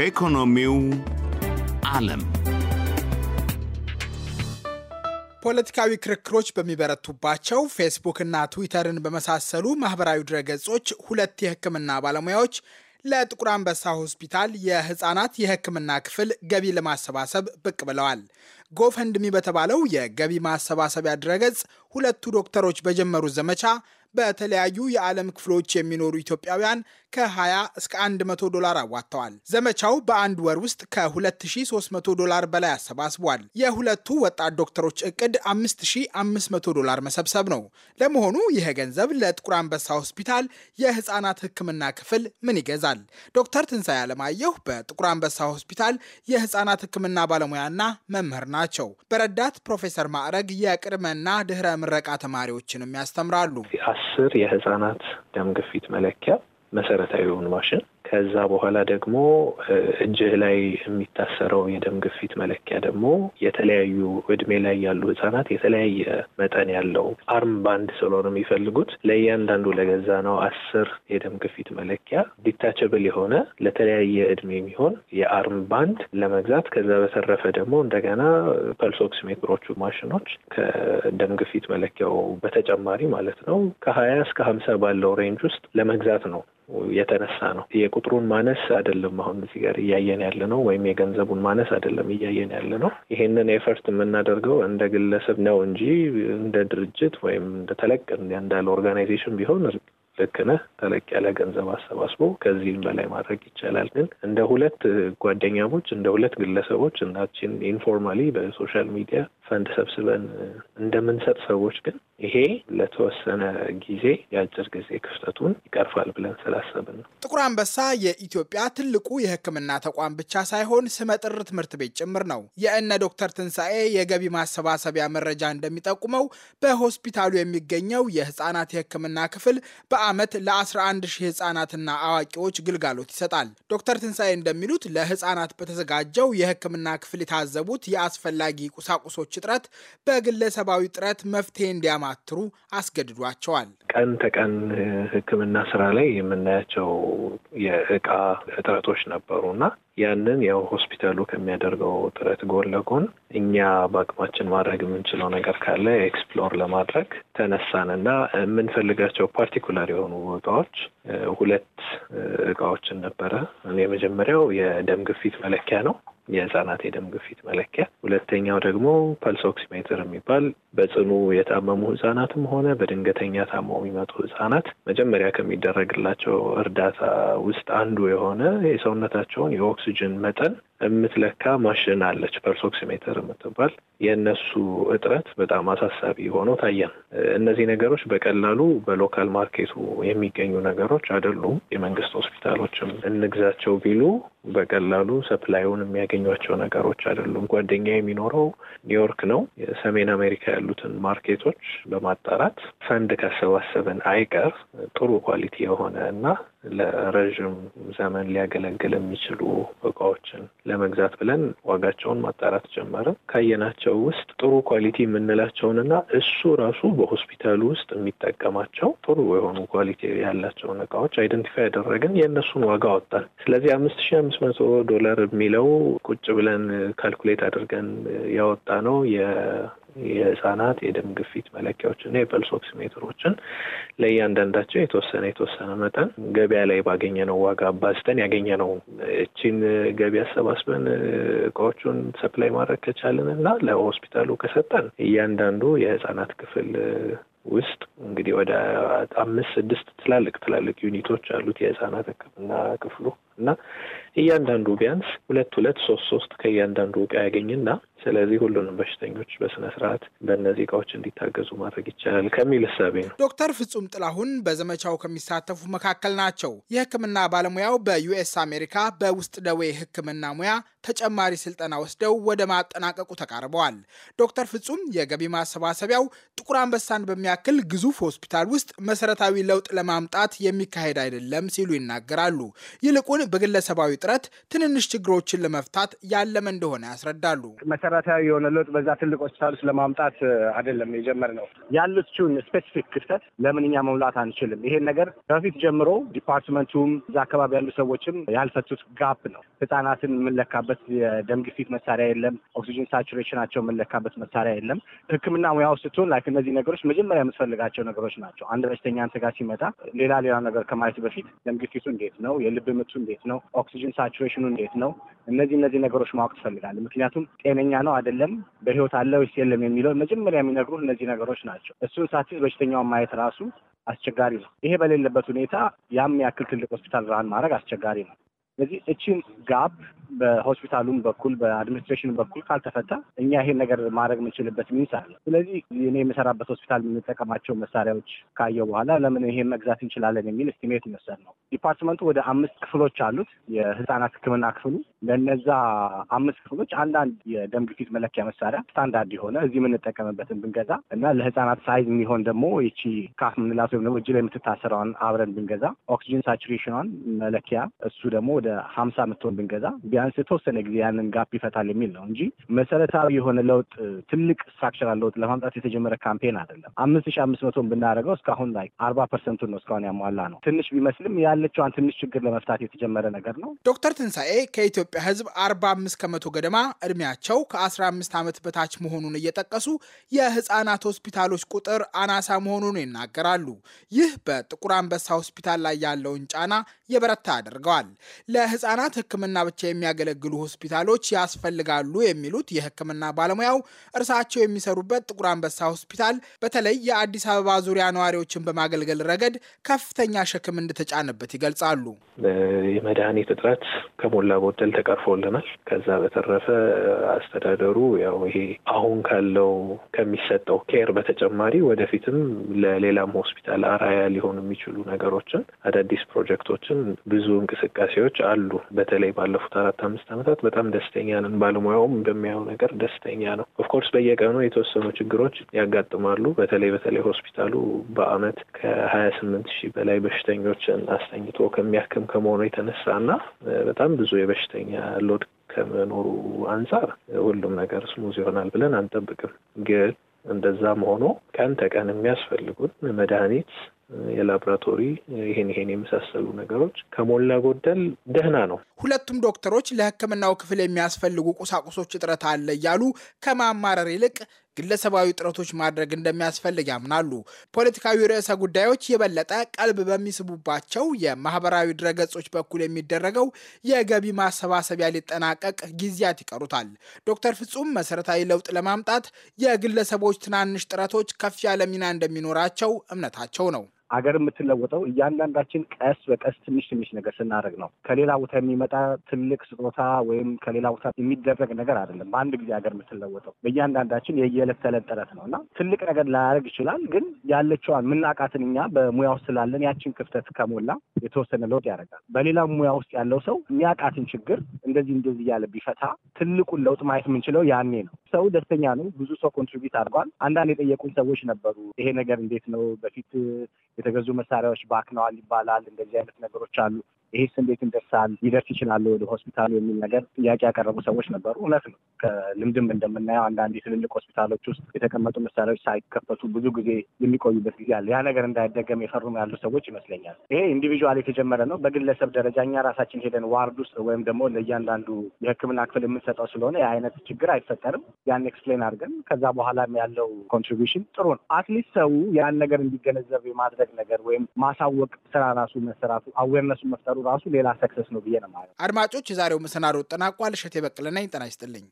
ከኢኮኖሚው ዓለም ፖለቲካዊ ክርክሮች በሚበረቱባቸው ፌስቡክ እና ትዊተርን በመሳሰሉ ማህበራዊ ድረገጾች ሁለት የሕክምና ባለሙያዎች ለጥቁር አንበሳ ሆስፒታል የህፃናት የሕክምና ክፍል ገቢ ለማሰባሰብ ብቅ ብለዋል። ጎፈንድሚ በተባለው የገቢ ማሰባሰቢያ ድረገጽ ሁለቱ ዶክተሮች በጀመሩት ዘመቻ በተለያዩ የዓለም ክፍሎች የሚኖሩ ኢትዮጵያውያን ከ20 እስከ 100 ዶላር አዋጥተዋል። ዘመቻው በአንድ ወር ውስጥ ከ2300 ዶላር በላይ አሰባስቧል። የሁለቱ ወጣት ዶክተሮች እቅድ 5500 ዶላር መሰብሰብ ነው። ለመሆኑ ይሄ ገንዘብ ለጥቁር አንበሳ ሆስፒታል የህፃናት ሕክምና ክፍል ምን ይገዛል? ዶክተር ትንሣኤ አለማየሁ በጥቁር አንበሳ ሆስፒታል የህፃናት ሕክምና ባለሙያና መምህር ናቸው። ናቸው። በረዳት ፕሮፌሰር ማዕረግ የቅድመና ድህረ ምረቃ ተማሪዎችንም ያስተምራሉ። አስር የህጻናት ደም ግፊት መለኪያ መሰረታዊ የሆኑ ማሽን ከዛ በኋላ ደግሞ እጅህ ላይ የሚታሰረው የደም ግፊት መለኪያ ደግሞ የተለያዩ እድሜ ላይ ያሉ ህጻናት የተለያየ መጠን ያለው አርም ባንድ ስለሆነ የሚፈልጉት ለእያንዳንዱ ለገዛ ነው አስር የደም ግፊት መለኪያ ዲታችብል የሆነ ለተለያየ እድሜ የሚሆን የአርም ባንድ ለመግዛት ከዛ በተረፈ ደግሞ እንደገና ፐልሶክሲሜትሮቹ ማሽኖች ከደም ግፊት መለኪያው በተጨማሪ ማለት ነው ከሀያ እስከ ሀምሳ ባለው ሬንጅ ውስጥ ለመግዛት ነው የተነሳ ነው። የቁጥሩን ማነስ አይደለም አሁን እዚህ ጋር እያየን ያለ ነው፣ ወይም የገንዘቡን ማነስ አይደለም እያየን ያለ ነው። ይሄንን ኤፈርት የምናደርገው እንደ ግለሰብ ነው እንጂ እንደ ድርጅት ወይም ተለቅ እንዳለ ኦርጋናይዜሽን ቢሆን ልክ ነህ። ተለቅ ያለ ገንዘብ አሰባስቦ ከዚህም በላይ ማድረግ ይቻላል። ግን እንደ ሁለት ጓደኛሞች፣ እንደ ሁለት ግለሰቦች እናችን ኢንፎርማሊ በሶሻል ሚዲያ ፈንድ ሰብስበን እንደምንሰጥ ሰዎች ግን ይሄ ለተወሰነ ጊዜ የአጭር ጊዜ ክፍተቱን ይቀርፋል ብለን ስላሰብን ነው። ጥቁር አንበሳ የኢትዮጵያ ትልቁ የሕክምና ተቋም ብቻ ሳይሆን ስመጥር ትምህርት ቤት ጭምር ነው። የእነ ዶክተር ትንሣኤ የገቢ ማሰባሰቢያ መረጃ እንደሚጠቁመው በሆስፒታሉ የሚገኘው የህፃናት የሕክምና ክፍል በአመት ለ11 ሺህ ህፃናትና አዋቂዎች ግልጋሎት ይሰጣል። ዶክተር ትንሣኤ እንደሚሉት ለህፃናት በተዘጋጀው የሕክምና ክፍል የታዘቡት የአስፈላጊ ቁሳቁሶች እጥረት በግለሰባዊ ጥረት መፍትሄ እንዲያማ እንዲያማትሩ አስገድዷቸዋል። ቀን ተቀን ሕክምና ስራ ላይ የምናያቸው የእቃ እጥረቶች ነበሩ እና ያንን ያው ሆስፒታሉ ከሚያደርገው ጥረት ጎን ለጎን እኛ በአቅማችን ማድረግ የምንችለው ነገር ካለ ኤክስፕሎር ለማድረግ ተነሳን እና የምንፈልጋቸው ፓርቲኩላር የሆኑ እቃዎች ሁለት እቃዎችን ነበረ። የመጀመሪያው የደም ግፊት መለኪያ ነው። የህጻናት የደም ግፊት መለኪያ። ሁለተኛው ደግሞ ፐልስ የሚባል በጽኑ የታመሙ ህጻናትም ሆነ በድንገተኛ ታመው የሚመጡ ህጻናት መጀመሪያ ከሚደረግላቸው እርዳታ ውስጥ አንዱ የሆነ የሰውነታቸውን የኦክሲጅን መጠን የምትለካ ማሽን አለች ፐርሶክሲሜተር የምትባል የእነሱ እጥረት በጣም አሳሳቢ ሆኖ ታየን። እነዚህ ነገሮች በቀላሉ በሎካል ማርኬቱ የሚገኙ ነገሮች አይደሉም። የመንግስት ሆስፒታሎችም እንግዛቸው ቢሉ በቀላሉ ሰፕላዩን የሚያገኟቸው ነገሮች አይደሉም። ጓደኛ የሚኖረው ኒውዮርክ ነው። የሰሜን አሜሪካ ያሉትን ማርኬቶች በማጣራት ፈንድ ካሰባሰብን አይቀር ጥሩ ኳሊቲ የሆነ እና ለረዥም ዘመን ሊያገለግል የሚችሉ እቃዎችን ለመግዛት ብለን ዋጋቸውን ማጣራት ጀመረ። ካየናቸው ውስጥ ጥሩ ኳሊቲ የምንላቸውንና እሱ ራሱ በሆስፒታሉ ውስጥ የሚጠቀማቸው ጥሩ የሆኑ ኳሊቲ ያላቸውን እቃዎች አይደንቲፋይ ያደረግን፣ የእነሱን ዋጋ አወጣን። ስለዚህ አምስት ሺ አምስት መቶ ዶላር የሚለው ቁጭ ብለን ካልኩሌት አድርገን ያወጣ ነው የህፃናት የደም ግፊት መለኪያዎችና የፐልስ ኦክሲሜትሮችን ለእያንዳንዳቸው የተወሰነ የተወሰነ መጠን ገበያ ላይ ባገኘነው ዋጋ አባዝተን ያገኘነው እቺን ገቢ አሰባስበን እቃዎቹን ሰፕላይ ማድረግ ከቻልን እና ለሆስፒታሉ ከሰጠን እያንዳንዱ የህፃናት ክፍል ውስጥ እንግዲህ ወደ አምስት ስድስት ትላልቅ ትላልቅ ዩኒቶች አሉት የህፃናት ህክምና ክፍሉ እና እያንዳንዱ ቢያንስ ሁለት ሁለት ሶስት ሶስት ከእያንዳንዱ እቃ ያገኝና ስለዚህ ሁሉንም በሽተኞች በስነ ስርዓት በእነዚህ እቃዎች እንዲታገዙ ማድረግ ይቻላል ከሚል እሳቤ ነው። ዶክተር ፍጹም ጥላሁን በዘመቻው ከሚሳተፉ መካከል ናቸው። የህክምና ባለሙያው በዩኤስ አሜሪካ በውስጥ ደዌ ህክምና ሙያ ተጨማሪ ስልጠና ወስደው ወደ ማጠናቀቁ ተቃርበዋል። ዶክተር ፍጹም የገቢ ማሰባሰቢያው ጥቁር አንበሳን በሚያክል ግዙፍ ሆስፒታል ውስጥ መሰረታዊ ለውጥ ለማምጣት የሚካሄድ አይደለም ሲሉ ይናገራሉ። ይልቁን በግለሰባዊ ጥረት ትንንሽ ችግሮችን ለመፍታት ያለመ እንደሆነ ያስረዳሉ። መሰረታዊ የሆነ ለውጥ በዛ ትልቅ ሆስፒታል ውስጥ ለማምጣት አይደለም የጀመርነው። ያለችውን ስፔሲፊክ ክፍተት ለምን እኛ መሙላት አንችልም? ይሄን ነገር በፊት ጀምሮ ዲፓርትመንቱም እዛ አካባቢ ያሉ ሰዎችም ያልፈቱት ጋፕ ነው። ህጻናትን የምንለካበት የደም ግፊት መሳሪያ የለም። ኦክሲጅን ሳቹሬሽናቸው የምንለካበት መሳሪያ የለም። ህክምና ሙያው ስትሆን ላይክ እነዚህ ነገሮች መጀመሪያ የምትፈልጋቸው ነገሮች ናቸው። አንድ በሽተኛ አንተ ጋር ሲመጣ ሌላ ሌላ ነገር ከማየት በፊት ደም ግፊቱ እንዴት ነው፣ የልብ ምቱ እንዴት እንዴት ነው፣ ኦክሲጅን ሳቹሬሽኑ እንዴት ነው፣ እነዚህ እነዚህ ነገሮች ማወቅ ትፈልጋለህ። ምክንያቱም ጤነኛ ነው አይደለም፣ በህይወት አለ ወይስ የለም የሚለው መጀመሪያ የሚነግሩ እነዚህ ነገሮች ናቸው። እሱን ሳትይዝ በሽተኛውን ማየት ራሱ አስቸጋሪ ነው። ይሄ በሌለበት ሁኔታ ያም ያክል ትልቅ ሆስፒታል ራን ማድረግ አስቸጋሪ ነው። ስለዚህ እቺን ጋብ በሆስፒታሉም በኩል በአድሚኒስትሬሽን በኩል ካልተፈታ እኛ ይሄን ነገር ማድረግ የምንችልበት ሚንስ አለ። ስለዚህ እኔ የምሰራበት ሆስፒታል የምንጠቀማቸው መሳሪያዎች ካየው በኋላ ለምን ይሄን መግዛት እንችላለን የሚል እስቲሜት ይመሰል ነው። ዲፓርትመንቱ ወደ አምስት ክፍሎች አሉት። የህፃናት ሕክምና ክፍሉ ለነዛ አምስት ክፍሎች አንዳንድ የደም ግፊት መለኪያ መሳሪያ ስታንዳርድ የሆነ እዚህ የምንጠቀምበትን ብንገዛ እና ለህፃናት ሳይዝ የሚሆን ደግሞ ይቺ ካፍ ምንላት ወይም ደግሞ እጅ ላይ የምትታሰረዋን አብረን ብንገዛ ኦክሲጅን ሳቹሬሽኗን መለኪያ እሱ ደግሞ ወደ ሀምሳ የምትሆን ብንገዛ ቢያንስ የተወሰነ ጊዜ ያንን ጋፕ ይፈታል የሚል ነው እንጂ መሰረታዊ የሆነ ለውጥ ትልቅ ስትራክቸራል ለውጥ ለማምጣት የተጀመረ ካምፔን አይደለም። አምስት ሺ አምስት መቶን ብናደርገው እስካሁን ላይ አርባ ፐርሰንቱን ነው እስካሁን ያሟላ ነው። ትንሽ ቢመስልም ያለችዋን ትንሽ ችግር ለመፍታት የተጀመረ ነገር ነው። ዶክተር ትንሣኤ ከኢትዮጵያ ህዝብ አርባ አምስት ከመቶ ገደማ እድሜያቸው ከአስራ አምስት ዓመት በታች መሆኑን እየጠቀሱ የህጻናት ሆስፒታሎች ቁጥር አናሳ መሆኑን ይናገራሉ። ይህ በጥቁር አንበሳ ሆስፒታል ላይ ያለውን ጫና የበረታ አድርገዋል። ለህጻናት ህክምና ብቻ የሚያ የሚያገለግሉ ሆስፒታሎች ያስፈልጋሉ የሚሉት የሕክምና ባለሙያው እርሳቸው የሚሰሩበት ጥቁር አንበሳ ሆስፒታል በተለይ የአዲስ አበባ ዙሪያ ነዋሪዎችን በማገልገል ረገድ ከፍተኛ ሸክም እንደተጫነበት ይገልጻሉ። የመድኃኒት እጥረት ከሞላ ጎደል ተቀርፎልናል። ከዛ በተረፈ አስተዳደሩ ያው ይሄ አሁን ካለው ከሚሰጠው ኬር በተጨማሪ ወደፊትም ለሌላም ሆስፒታል አራያ ሊሆኑ የሚችሉ ነገሮችን አዳዲስ ፕሮጀክቶችን ብዙ እንቅስቃሴዎች አሉ። በተለይ ባለፉት አራት አራት አምስት ዓመታት በጣም ደስተኛ ነን። ባለሙያውም በሚያየው ነገር ደስተኛ ነው። ኦፍኮርስ በየቀኑ የተወሰኑ ችግሮች ያጋጥማሉ። በተለይ በተለይ ሆስፒታሉ በአመት ከሀያ ስምንት ሺህ በላይ በሽተኞችን አስተኝቶ ከሚያክም ከመሆኑ የተነሳ እና በጣም ብዙ የበሽተኛ ሎድ ከመኖሩ አንጻር ሁሉም ነገር ስሙዝ ይሆናል ብለን አንጠብቅም። ግን እንደዛም ሆኖ ቀን ተቀን የሚያስፈልጉን መድኃኒት የላብራቶሪ ይሄን ይሄን የመሳሰሉ ነገሮች ከሞላ ጎደል ደህና ነው። ሁለቱም ዶክተሮች ለሕክምናው ክፍል የሚያስፈልጉ ቁሳቁሶች እጥረት አለ እያሉ ከማማረር ይልቅ ግለሰባዊ ጥረቶች ማድረግ እንደሚያስፈልግ ያምናሉ። ፖለቲካዊ ርዕሰ ጉዳዮች የበለጠ ቀልብ በሚስቡባቸው የማህበራዊ ድረገጾች በኩል የሚደረገው የገቢ ማሰባሰቢያ ሊጠናቀቅ ጊዜያት ይቀሩታል። ዶክተር ፍጹም መሰረታዊ ለውጥ ለማምጣት የግለሰቦች ትናንሽ ጥረቶች ከፍ ያለ ሚና እንደሚኖራቸው እምነታቸው ነው። አገር የምትለወጠው እያንዳንዳችን ቀስ በቀስ ትንሽ ትንሽ ነገር ስናደርግ ነው። ከሌላ ቦታ የሚመጣ ትልቅ ስጦታ ወይም ከሌላ ቦታ የሚደረግ ነገር አይደለም። በአንድ ጊዜ ሀገር የምትለወጠው በእያንዳንዳችን የየዕለት ተዕለት ጥረት ነው እና ትልቅ ነገር ላያደርግ ይችላል። ግን ያለችዋን ምናቃትን እኛ በሙያ ውስጥ ስላለን ያችን ክፍተት ከሞላ የተወሰነ ለውጥ ያደርጋል። በሌላ ሙያ ውስጥ ያለው ሰው የሚያውቃትን ችግር እንደዚህ እንደዚህ እያለ ቢፈታ ትልቁን ለውጥ ማየት የምንችለው ያኔ ነው። ሰው ደስተኛ ነው። ብዙ ሰው ኮንትሪቢዩት አድርጓል። አንዳንድ የጠየቁን ሰዎች ነበሩ። ይሄ ነገር እንዴት ነው? በፊት የተገዙ መሳሪያዎች ባክነዋል ይባላል። እንደዚህ አይነት ነገሮች አሉ። ይሄስ እንዴት እንደርሳል ሊደርስ ይችላል ወደ ሆስፒታሉ የሚል ነገር ጥያቄ ያቀረቡ ሰዎች ነበሩ። እውነት ነው። ከልምድም እንደምናየው አንዳንድ ትልልቅ ሆስፒታሎች ውስጥ የተቀመጡ መሳሪያዎች ሳይከፈቱ ብዙ ጊዜ የሚቆዩበት ጊዜ አለ። ያ ነገር እንዳይደገም የፈሩም ያሉ ሰዎች ይመስለኛል። ይሄ ኢንዲቪዥዋል የተጀመረ ነው። በግለሰብ ደረጃ እኛ ራሳችን ሄደን ዋርድ ውስጥ ወይም ደግሞ ለእያንዳንዱ የሕክምና ክፍል የምንሰጠው ስለሆነ የአይነት ችግር አይፈጠርም። ያን ኤክስፕሌን አድርገን ከዛ በኋላም ያለው ኮንትሪቢሽን ጥሩ ነው። አትሊስት ሰው ያን ነገር እንዲገነዘብ የማድረግ ነገር ወይም ማሳወቅ ስራ ራሱ መሰራቱ አዌርነሱ መፍጠሩ ራሱ ሌላ ሰክሰስ ነው ብዬ ነው ማለት። አድማጮች፣ የዛሬው መሰናዶ ጠናቋል። እሸቴ በቀለ ነኝ። ጤና ይስጥልኝ።